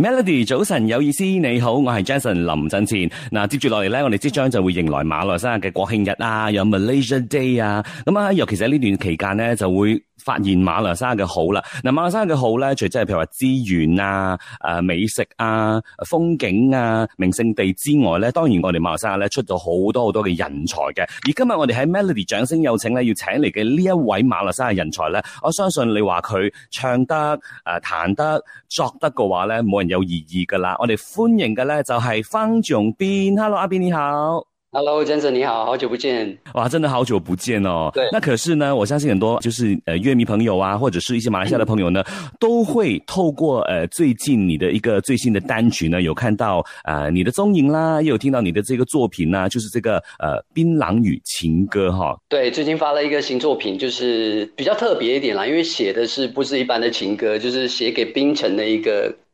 Melody，早晨有意思，你好，我係 Jason 林振前。嗱、啊，接住落嚟咧，我哋即將就會迎來馬來西亞嘅國慶日啊，有 Malaysia Day 啊。咁啊，尤其實喺呢段期間咧，就會發現馬來西亞嘅好啦。嗱、啊，馬來西亞嘅好咧，除咗係譬如話資源啊、誒、啊、美食啊、風景啊、名勝地之外咧，當然我哋馬來西亞咧出咗好多好多嘅人才嘅。而今日我哋喺 Melody 掌聲有請咧，要請嚟嘅呢一位馬來西亞人才咧，我相信你話佢唱得、誒、啊、彈得、作得嘅話咧，有意義噶啦，我哋歡迎嘅咧就係方泂鑌。Hello 阿鑌你好，Hello Jason 你好好久不見，哇，真的好久不見哦。對，那可是呢，我相信很多就是呃，樂迷朋友啊，或者是一些馬來西亞的朋友呢， 都會透過呃，最近你的一個最新的單曲呢，有看到呃，你的蹤影啦，又有聽到你的這個作品呢、啊，就是這個呃，檳榔嶼情歌哈。對，最近發了一個新作品，就是比較特別一點啦，因為寫的是不是一般的情歌，就是寫給檳城嘅一個。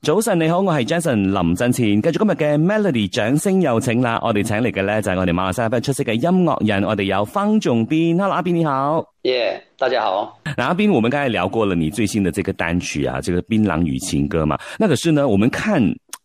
早晨你好，我是 Jason 林振前，繼續今日嘅 Melody 掌聲有請啦，我哋請嚟嘅咧就係、是、我哋馬來西亞出色嘅音樂人，我哋有方泂鑌 Hello，阿鑌你好，耶、yeah，大家好，阿鑌我們剛才聊過了你最新嘅這個單曲啊，這個檳榔與情歌嘛，那可是呢，我們看。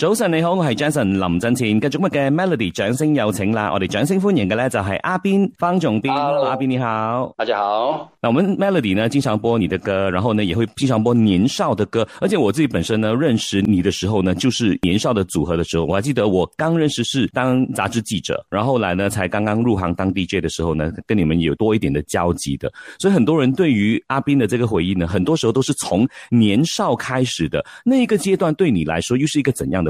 早晨，你好，我係 Johnson 林振前，跟住我們嘅 Melody 掌聲有請啦，我哋掌聲歡迎嘅咧就係阿斌方泂鑌 Hello, Hello，阿斌你好，大家好。那我們 Melody 呢經常播你的歌，然後呢也會經常播年少的歌，而且我自己本身呢認識你的時候呢，就是年少的組合的時候，我還記得我剛認識是當雜誌記者，然後，後來呢才剛剛入行當 DJ 的時候呢，跟你們有多一點的交集的，所以很多人對於阿斌的這個回憶呢，很多時候都是從年少開始的，那一個階段對你來說又是一個怎樣的？